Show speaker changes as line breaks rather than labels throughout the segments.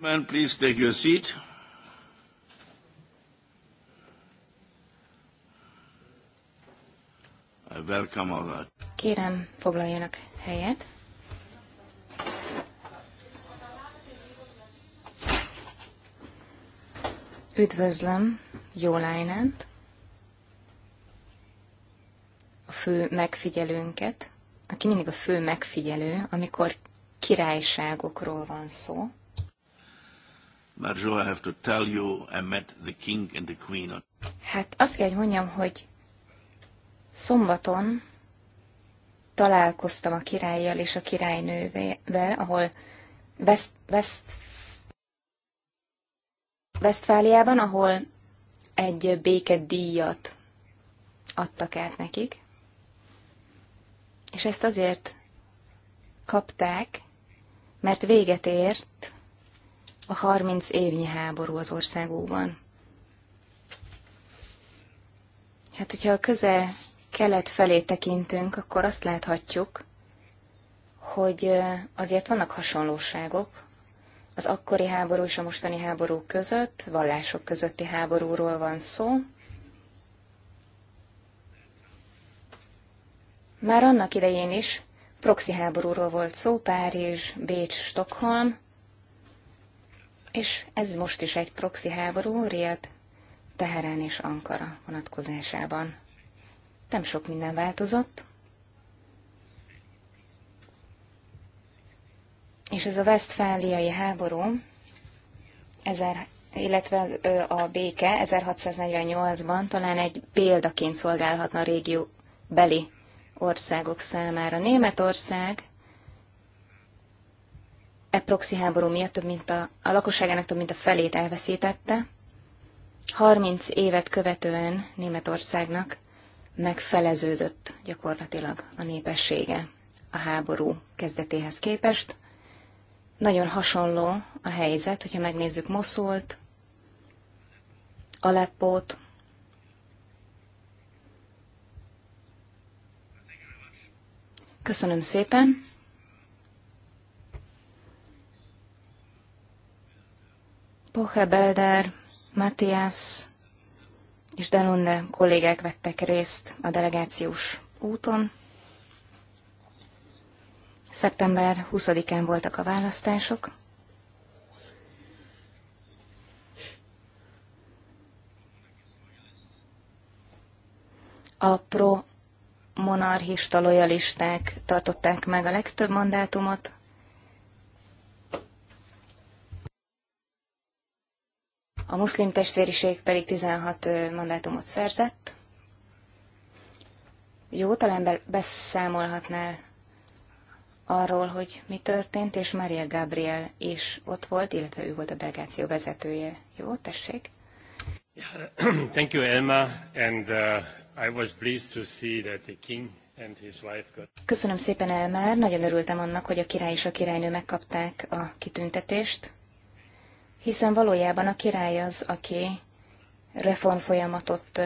gentlemen, please take your seat. I welcome all
Kérem, foglaljanak helyet. Üdvözlöm Jó Lájnánt, a fő megfigyelőnket, aki mindig a fő megfigyelő, amikor királyságokról van szó.
Marjo, I have to tell you, I met the king and the queen.
Hát azt kell, hogy mondjam, hogy szombaton találkoztam a királlyal és a királynővel, ahol West, West, Westfáliában, ahol egy békedíjat adtak át nekik. És ezt azért kapták, mert véget ért a 30 évnyi háború az országúban. Hát, hogyha a köze kelet felé tekintünk, akkor azt láthatjuk, hogy azért vannak hasonlóságok az akkori háború és a mostani háború között, vallások közötti háborúról van szó. Már annak idején is proxy háborúról volt szó, Párizs, Bécs, Stockholm, és ez most is egy proxy háború, Riad, Teherán és Ankara vonatkozásában. Nem sok minden változott. És ez a Westfáliai háború, ezer, illetve a béke 1648-ban talán egy példaként szolgálhatna a régió beli országok számára. Németország e proxy háború miatt több mint a, a lakosságának több mint a felét elveszítette. 30 évet követően Németországnak megfeleződött gyakorlatilag a népessége a háború kezdetéhez képest. Nagyon hasonló a helyzet, hogyha megnézzük Moszult, Aleppót, Köszönöm szépen. Poche Belder, Matthias és Delunde kollégák vettek részt a delegációs úton. Szeptember 20-án voltak a választások. A pro monarchista lojalisták tartották meg a legtöbb mandátumot, a muszlim testvériség pedig 16 mandátumot szerzett. Jó, talán beszámolhatnál arról, hogy mi történt, és Maria Gabriel is ott volt, illetve ő volt a delegáció vezetője. Jó, tessék.
Thank you, Elma, and uh, I was pleased to see that the king and his wife got...
Köszönöm szépen, Elmár. Nagyon örültem annak, hogy a király és a királynő megkapták a kitüntetést hiszen valójában a király az, aki reformfolyamatot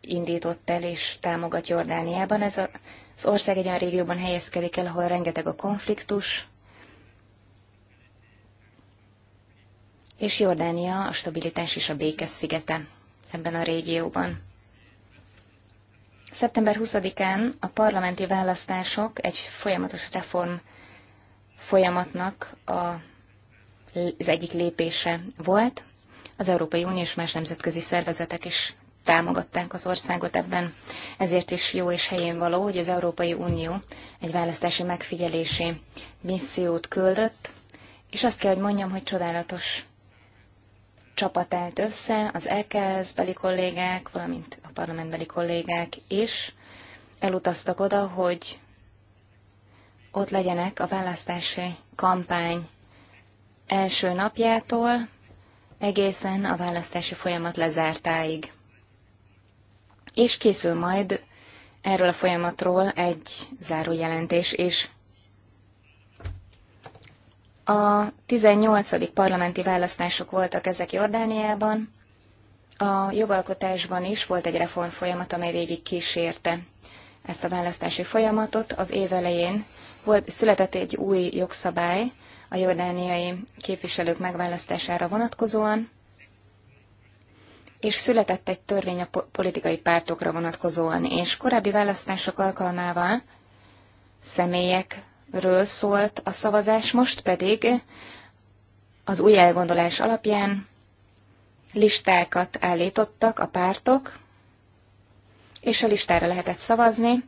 indított el és támogat Jordániában. Ez a, az ország egy olyan régióban helyezkedik el, ahol rengeteg a konfliktus, és Jordánia a stabilitás és a béke szigete ebben a régióban. Szeptember 20-án a parlamenti választások egy folyamatos reform folyamatnak a az egyik lépése volt. Az Európai Unió és más nemzetközi szervezetek is támogatták az országot ebben. Ezért is jó és helyén való, hogy az Európai Unió egy választási megfigyelési missziót küldött, és azt kell, hogy mondjam, hogy csodálatos csapat állt össze, az EKSZ beli kollégák, valamint a parlamentbeli kollégák is elutaztak oda, hogy ott legyenek a választási kampány első napjától egészen a választási folyamat lezártáig. És készül majd erről a folyamatról egy zárójelentés is. A 18. parlamenti választások voltak ezek Jordániában, a jogalkotásban is volt egy reform folyamat, amely végig kísérte ezt a választási folyamatot. Az év elején volt, született egy új jogszabály, a jordániai képviselők megválasztására vonatkozóan, és született egy törvény a politikai pártokra vonatkozóan, és korábbi választások alkalmával személyekről szólt a szavazás, most pedig az új elgondolás alapján listákat állítottak a pártok, és a listára lehetett szavazni,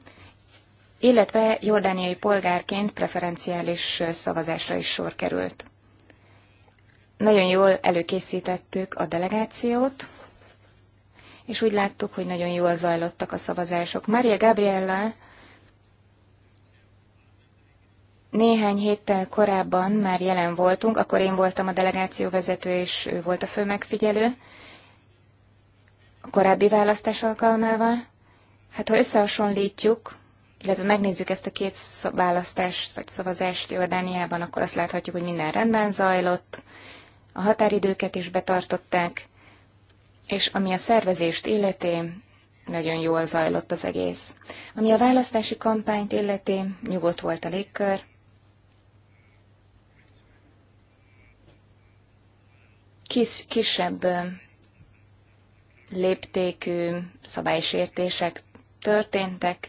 illetve jordániai polgárként preferenciális szavazásra is sor került. Nagyon jól előkészítettük a delegációt, és úgy láttuk, hogy nagyon jól zajlottak a szavazások. Maria Gabriella néhány héttel korábban már jelen voltunk, akkor én voltam a delegáció vezető, és ő volt a fő megfigyelő, a korábbi választás alkalmával. Hát ha összehasonlítjuk illetve megnézzük ezt a két választást vagy szavazást Jordániában, akkor azt láthatjuk, hogy minden rendben zajlott, a határidőket is betartották, és ami a szervezést illeti, nagyon jól zajlott az egész. Ami a választási kampányt illeti, nyugodt volt a légkör. Kis, kisebb léptékű szabálysértések történtek,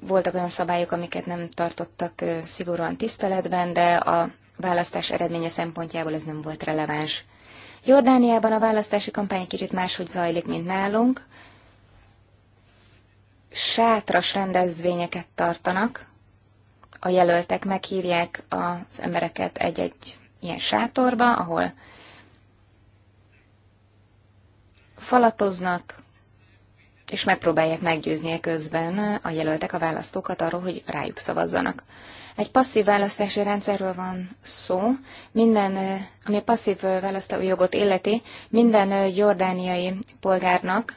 voltak olyan szabályok, amiket nem tartottak szigorúan tiszteletben, de a választás eredménye szempontjából ez nem volt releváns. Jordániában a választási kampány kicsit máshogy zajlik, mint nálunk. Sátras rendezvényeket tartanak, a jelöltek meghívják az embereket egy-egy ilyen sátorba, ahol falatoznak, és megpróbálják meggyőzni e közben a jelöltek a választókat arról, hogy rájuk szavazzanak. Egy passzív választási rendszerről van szó. Minden, ami a passzív választó jogot illeti, minden jordániai polgárnak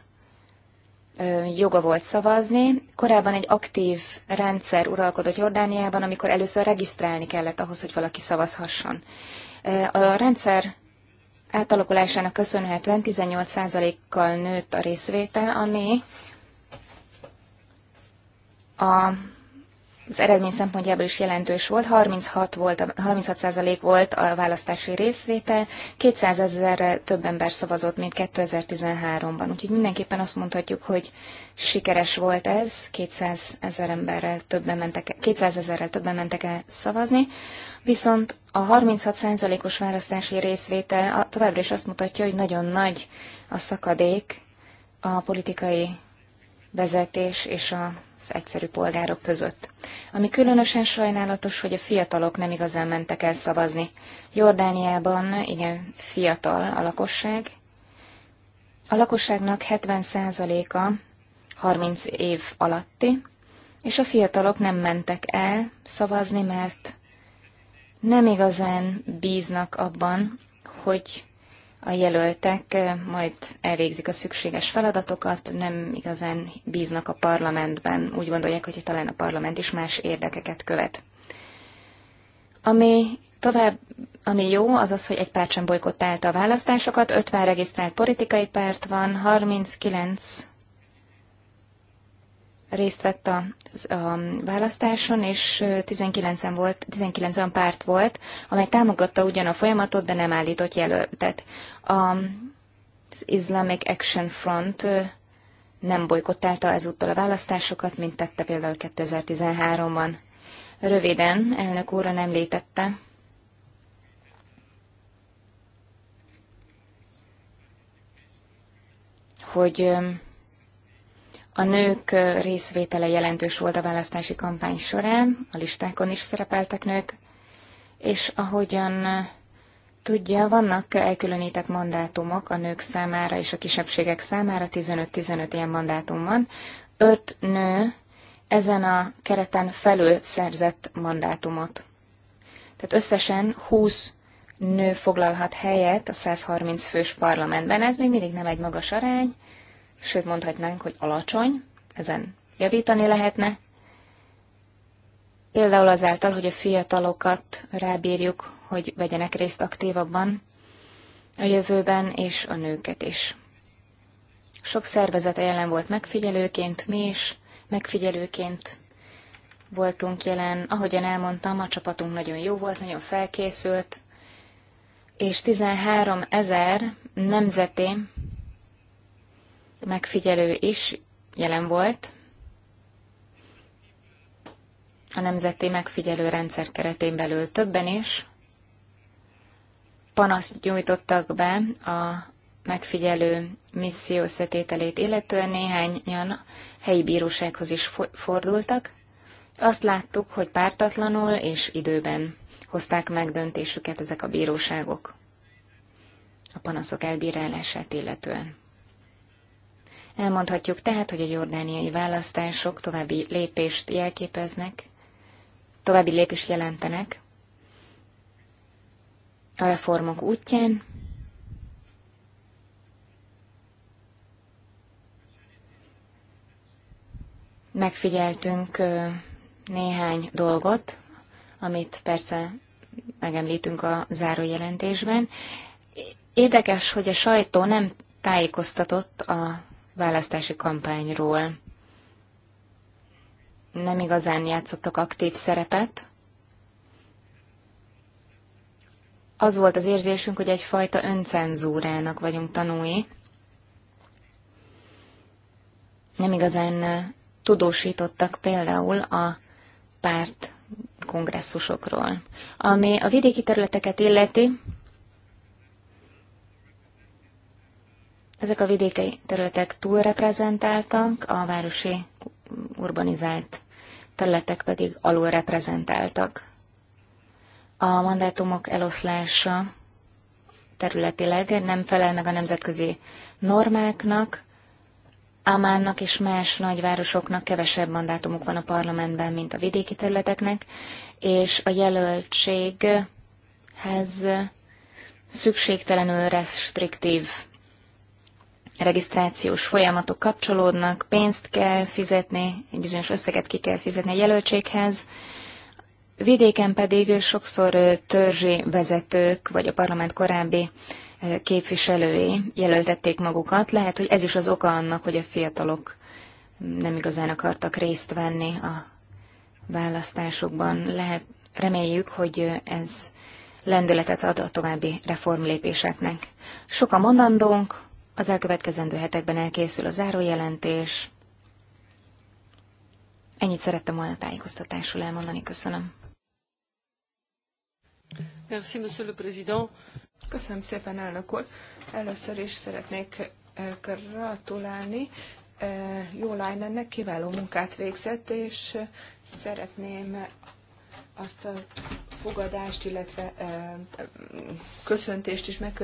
joga volt szavazni. Korábban egy aktív rendszer uralkodott Jordániában, amikor először regisztrálni kellett ahhoz, hogy valaki szavazhasson. A rendszer átalakulásának köszönhetően 18%-kal nőtt a részvétel, ami a az eredmény szempontjából is jelentős volt, 36 volt, 36% volt a választási részvétel, 200 ezerre több ember szavazott, mint 2013-ban. Úgyhogy mindenképpen azt mondhatjuk, hogy sikeres volt ez, 200 ezer emberrel többen mentek, 200 ezerrel többen mentek el szavazni, viszont a 36%-os választási részvétel továbbra is azt mutatja, hogy nagyon nagy a szakadék a politikai vezetés és az egyszerű polgárok között. Ami különösen sajnálatos, hogy a fiatalok nem igazán mentek el szavazni. Jordániában igen fiatal a lakosság. A lakosságnak 70%-a 30 év alatti, és a fiatalok nem mentek el szavazni, mert nem igazán bíznak abban, hogy a jelöltek majd elvégzik a szükséges feladatokat, nem igazán bíznak a parlamentben, úgy gondolják, hogy talán a parlament is más érdekeket követ. Ami tovább, ami jó, az az, hogy egy párt sem bolykottálta a választásokat, 50 regisztrált politikai párt van, 39 részt vett a, a választáson, és 19 volt, 19 olyan párt volt, amely támogatta ugyan a folyamatot, de nem állított jelöltet. az Islamic Action Front nem bolykottálta ezúttal a választásokat, mint tette például 2013-ban. Röviden, elnök úr nem létette. hogy a nők részvétele jelentős volt a választási kampány során, a listákon is szerepeltek nők, és ahogyan tudja, vannak elkülönített mandátumok a nők számára és a kisebbségek számára, 15-15 ilyen mandátum van. Öt nő ezen a kereten felül szerzett mandátumot. Tehát összesen 20 nő foglalhat helyet a 130 fős parlamentben. Ez még mindig nem egy magas arány, sőt mondhatnánk, hogy alacsony, ezen javítani lehetne. Például azáltal, hogy a fiatalokat rábírjuk, hogy vegyenek részt aktívabban a jövőben, és a nőket is. Sok szervezete jelen volt megfigyelőként, mi is megfigyelőként voltunk jelen. Ahogyan elmondtam, a csapatunk nagyon jó volt, nagyon felkészült, és 13 ezer nemzeti megfigyelő is jelen volt a nemzeti megfigyelő rendszer keretén belül többen is panaszt nyújtottak be a megfigyelő misszió összetételét illetően néhányan helyi bírósághoz is fordultak. Azt láttuk, hogy pártatlanul és időben hozták meg döntésüket ezek a bíróságok a panaszok elbírálását illetően. Elmondhatjuk tehát, hogy a jordániai választások további lépést jelképeznek, további lépést jelentenek a reformok útján, megfigyeltünk néhány dolgot, amit persze megemlítünk a zárójelentésben. Érdekes, hogy a sajtó nem tájékoztatott a választási kampányról nem igazán játszottak aktív szerepet. Az volt az érzésünk, hogy egyfajta öncenzúrának vagyunk tanúi. Nem igazán tudósítottak például a párt kongresszusokról. Ami a vidéki területeket illeti, Ezek a vidéki területek túlreprezentáltak, a városi urbanizált területek pedig alulreprezentáltak. A mandátumok eloszlása területileg nem felel meg a nemzetközi normáknak, Amánnak és más nagyvárosoknak kevesebb mandátumuk van a parlamentben, mint a vidéki területeknek, és a jelöltséghez szükségtelenül restriktív regisztrációs folyamatok kapcsolódnak, pénzt kell fizetni, egy bizonyos összeget ki kell fizetni a jelöltséghez, vidéken pedig sokszor törzsi vezetők vagy a parlament korábbi képviselői jelöltették magukat. Lehet, hogy ez is az oka annak, hogy a fiatalok nem igazán akartak részt venni a választásokban. Lehet, reméljük, hogy ez lendületet ad a további reformlépéseknek. Sok a mondandónk, az elkövetkezendő hetekben elkészül a zárójelentés. Ennyit szerettem volna tájékoztatásul elmondani. Köszönöm.
Merci, monsieur le président. Köszönöm szépen, elnök úr. Először is szeretnék gratulálni Jó Lájnennek, kiváló munkát végzett, és szeretném azt a fogadást, illetve köszöntést is meg,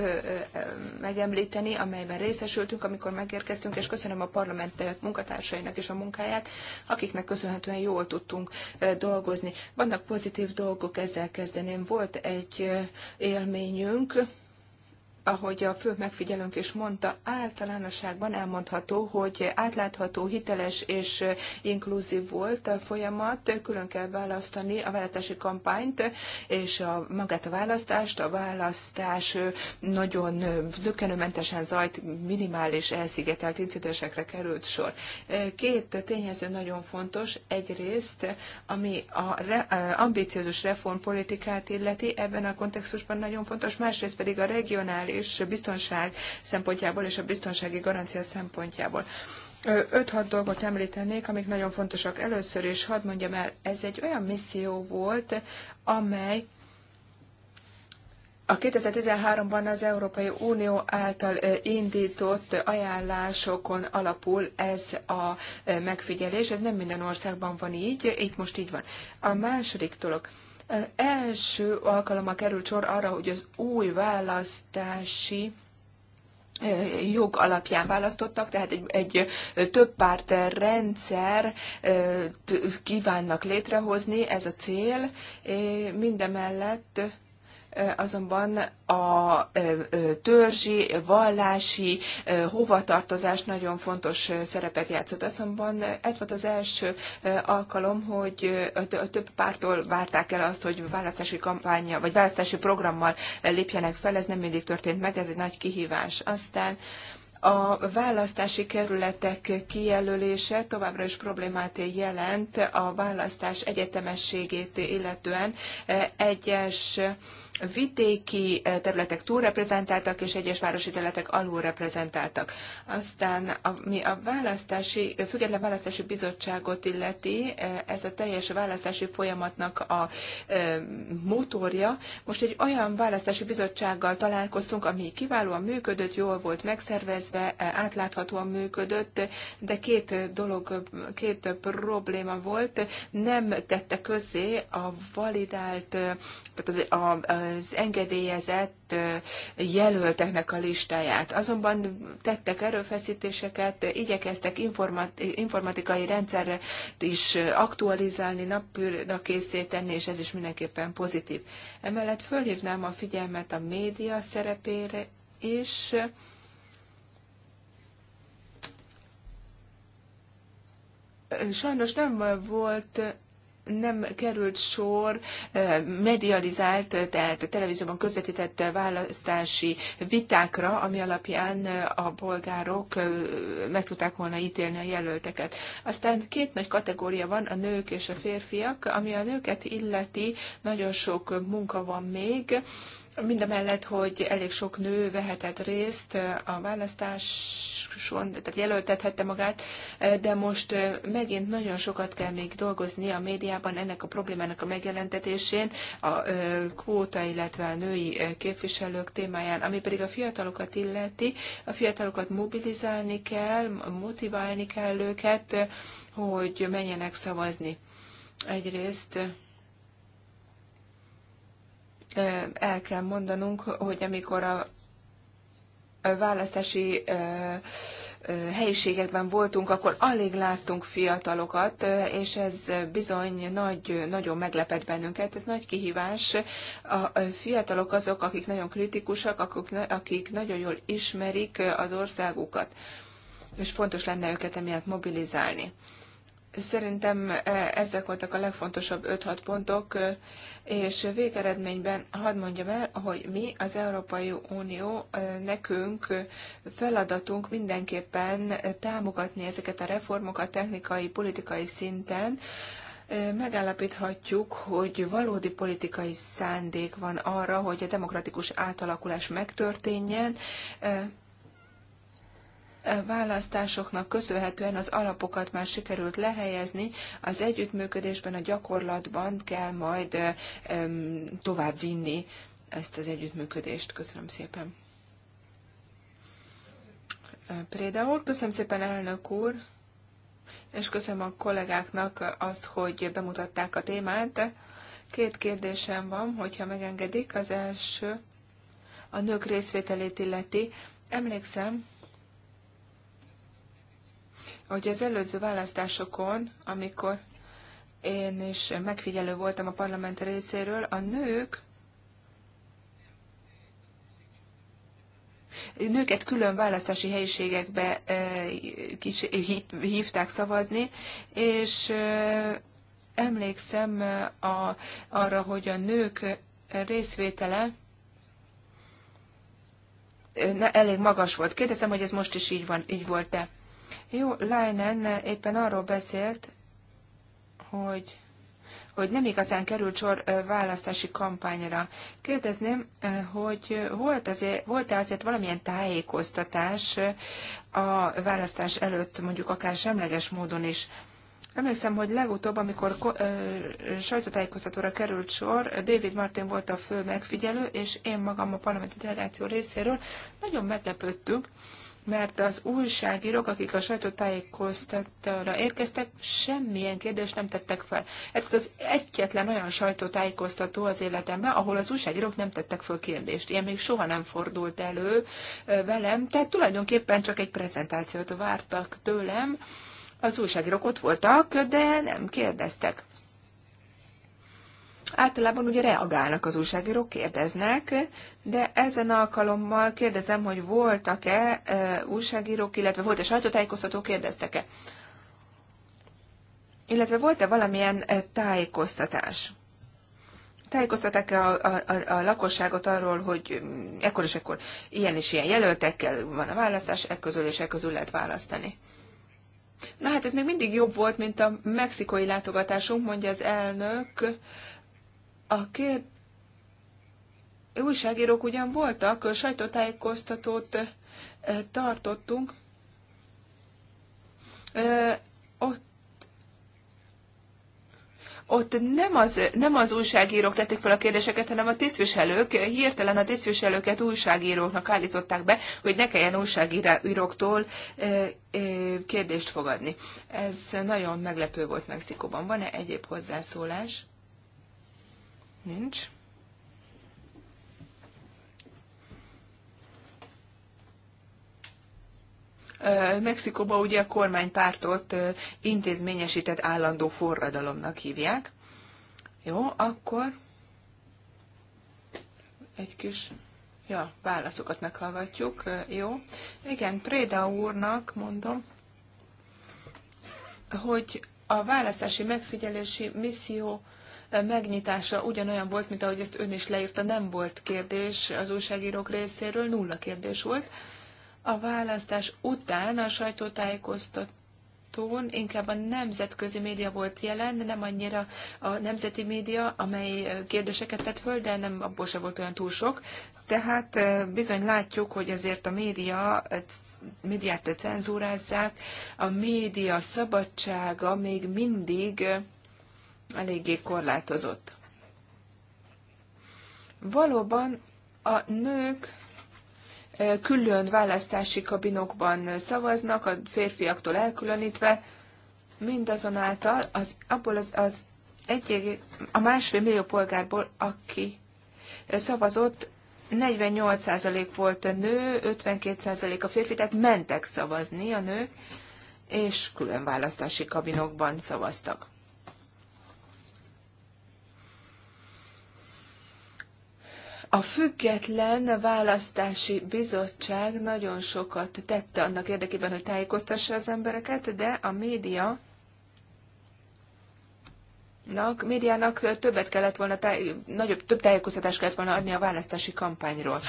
megemlíteni, amelyben részesültünk, amikor megérkeztünk, és köszönöm a parlament munkatársainak és a munkáját, akiknek köszönhetően jól tudtunk dolgozni. Vannak pozitív dolgok, ezzel kezdeném. Volt egy élményünk, ahogy a fő megfigyelőnk is mondta, általánosságban elmondható, hogy átlátható, hiteles és inkluzív volt a folyamat. Külön kell választani a választási kampányt és a, magát a választást. A választás nagyon zökkenőmentesen zajt, minimális elszigetelt incidensekre került sor. Két tényező nagyon fontos. Egyrészt, ami a re, ambiciózus reformpolitikát illeti, ebben a kontextusban nagyon fontos, másrészt pedig a regionális és biztonság szempontjából és a biztonsági garancia szempontjából. 5-6 dolgot említenék, amik nagyon fontosak. Először is hadd mondjam el, ez egy olyan misszió volt, amely a 2013-ban az Európai Unió által indított ajánlásokon alapul ez a megfigyelés. Ez nem minden országban van így, itt most így van. A második dolog, Első alkalommal került sor arra, hogy az új választási jog alapján választottak, tehát egy, egy több párt rendszer kívánnak létrehozni, ez a cél. Mindemellett azonban a törzsi, vallási hovatartozás nagyon fontos szerepet játszott. Azonban ez volt az első alkalom, hogy a több pártól várták el azt, hogy választási kampánya vagy választási programmal lépjenek fel, ez nem mindig történt meg, ez egy nagy kihívás. Aztán a választási kerületek kijelölése továbbra is problémát jelent a választás egyetemességét illetően egyes vidéki eh, területek túlreprezentáltak, és egyes városi területek alulreprezentáltak. Aztán, ami a választási, független választási bizottságot illeti, eh, ez a teljes választási folyamatnak a eh, motorja. Most egy olyan választási bizottsággal találkoztunk, ami kiválóan működött, jól volt megszervezve, átláthatóan működött, de két dolog, két probléma volt. Nem tette közzé a validált, tehát az, a, a az engedélyezett jelölteknek a listáját. Azonban tettek erőfeszítéseket, igyekeztek informatikai rendszerre is aktualizálni, napra készíteni, és ez is mindenképpen pozitív. Emellett fölhívnám a figyelmet a média szerepére is, sajnos nem volt nem került sor medializált, tehát a televízióban közvetített választási vitákra, ami alapján a polgárok meg tudták volna ítélni a jelölteket. Aztán két nagy kategória van, a nők és a férfiak. Ami a nőket illeti, nagyon sok munka van még mellett, hogy elég sok nő vehetett részt a választáson, tehát jelöltethette magát, de most megint nagyon sokat kell még dolgozni a médiában ennek a problémának a megjelentetésén, a kvóta, illetve a női képviselők témáján, ami pedig a fiatalokat illeti, a fiatalokat mobilizálni kell, motiválni kell őket, hogy menjenek szavazni. Egyrészt el kell mondanunk, hogy amikor a választási helyiségekben voltunk, akkor alig láttunk fiatalokat, és ez bizony nagy, nagyon meglepett bennünket. Ez nagy kihívás. A fiatalok azok, akik nagyon kritikusak, akik, akik nagyon jól ismerik az országukat, és fontos lenne őket emiatt mobilizálni. Szerintem e, ezek voltak a legfontosabb 5-6 pontok, e, és végeredményben hadd mondjam el, hogy mi az Európai Unió, e, nekünk feladatunk mindenképpen támogatni ezeket a reformokat technikai, politikai szinten, megállapíthatjuk, hogy valódi politikai szándék van arra, hogy a demokratikus átalakulás megtörténjen, választásoknak köszönhetően az alapokat már sikerült lehelyezni, az együttműködésben, a gyakorlatban kell majd tovább vinni ezt az együttműködést. Köszönöm szépen. Préda úr, köszönöm szépen elnök úr, és köszönöm a kollégáknak azt, hogy bemutatták a témát. Két kérdésem van, hogyha megengedik. Az első a nők részvételét illeti. Emlékszem, hogy az előző választásokon, amikor én is megfigyelő voltam a parlament részéről, a nők nőket külön választási helyiségekbe eh, hívták szavazni, és eh, emlékszem eh, a, arra, hogy a nők részvétele elég magas volt. Kérdezem, hogy ez most is így, van, így volt-e? Jó, Leinen éppen arról beszélt, hogy hogy nem igazán került sor választási kampányra. Kérdezném, hogy volt azért, volt-e azért valamilyen tájékoztatás a választás előtt, mondjuk akár semleges módon is? Emlékszem, hogy legutóbb, amikor sajtótájékoztatóra került sor, David Martin volt a fő megfigyelő, és én magam a parlamenti delegáció részéről nagyon meglepődtünk, mert az újságírók, akik a sajtótájékoztatóra érkeztek, semmilyen kérdést nem tettek fel. Ez az egyetlen olyan sajtótájékoztató az életemben, ahol az újságírók nem tettek fel kérdést. Ilyen még soha nem fordult elő velem, tehát tulajdonképpen csak egy prezentációt vártak tőlem. Az újságírók ott voltak, de nem kérdeztek. Általában ugye reagálnak az újságírók, kérdeznek, de ezen alkalommal kérdezem, hogy voltak-e újságírók, illetve volt-e sajtótájékoztató, kérdeztek-e? Illetve volt-e valamilyen tájékoztatás? tájékoztatták a, a, a, a lakosságot arról, hogy mm, ekkor és ekkor ilyen és ilyen jelöltekkel van a választás, ekközül és ekközül lehet választani. Na hát ez még mindig jobb volt, mint a mexikói látogatásunk, mondja az elnök. A kér... újságírók ugyan voltak, sajtótájékoztatót tartottunk, ott ott nem az, nem az újságírók tették fel a kérdéseket, hanem a tisztviselők, hirtelen a tisztviselőket újságíróknak állították be, hogy ne kelljen újságíróktól kérdést fogadni. Ez nagyon meglepő volt Mexikóban. Van-e egyéb hozzászólás? Nincs. Mexikóba ugye a kormánypártot intézményesített állandó forradalomnak hívják. Jó, akkor egy kis ja, válaszokat meghallgatjuk. Jó. Igen, Préda úrnak mondom, hogy a választási megfigyelési misszió megnyitása ugyanolyan volt, mint ahogy ezt ön is leírta, nem volt kérdés az újságírók részéről, nulla kérdés volt. A választás után a sajtótájékoztat inkább a nemzetközi média volt jelen, nem annyira a nemzeti média, amely kérdéseket tett föl, de nem abból se volt olyan túl sok. Tehát bizony látjuk, hogy azért a média, médiát cenzúrázzák, a média szabadsága még mindig eléggé korlátozott. Valóban a nők külön választási kabinokban szavaznak, a férfiaktól elkülönítve, mindazonáltal az, abból az, az egy, a másfél millió polgárból, aki szavazott, 48% volt a nő, 52% a férfi, tehát mentek szavazni a nők, és külön választási kabinokban szavaztak. A független választási bizottság nagyon sokat tette annak érdekében, hogy tájékoztassa az embereket, de a média médiának többet kellett volna, táj, nagyobb, több tájékoztatást kellett volna adni a választási kampányról.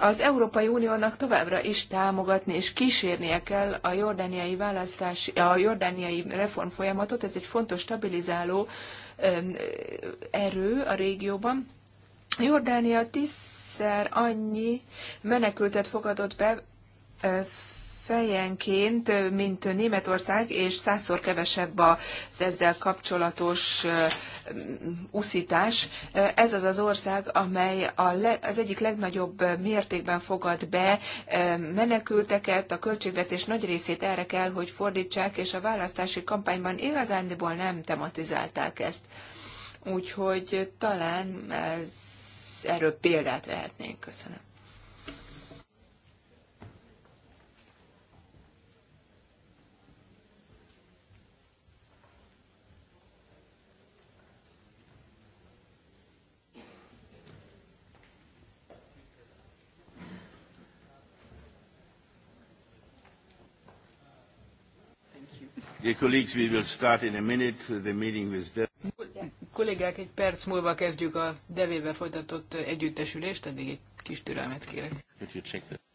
Az Európai Uniónak továbbra is támogatni és kísérnie kell a jordániai választási, a jordániai reform folyamatot. Ez egy fontos stabilizáló erő a régióban. Jordánia tízszer annyi menekültet fogadott be fejenként, mint Németország, és százszor kevesebb az ezzel kapcsolatos uszítás. Ez az az ország, amely az egyik legnagyobb mértékben fogad be menekülteket, a költségvetés nagy részét erre kell, hogy fordítsák, és a választási kampányban igazándiból nem tematizálták ezt. Úgyhogy talán ez, erről példát vehetnénk. Köszönöm. Kollégák, egy perc múlva kezdjük a devébe folytatott együttesülést, eddig egy kis türelmet kérek. Could you check that?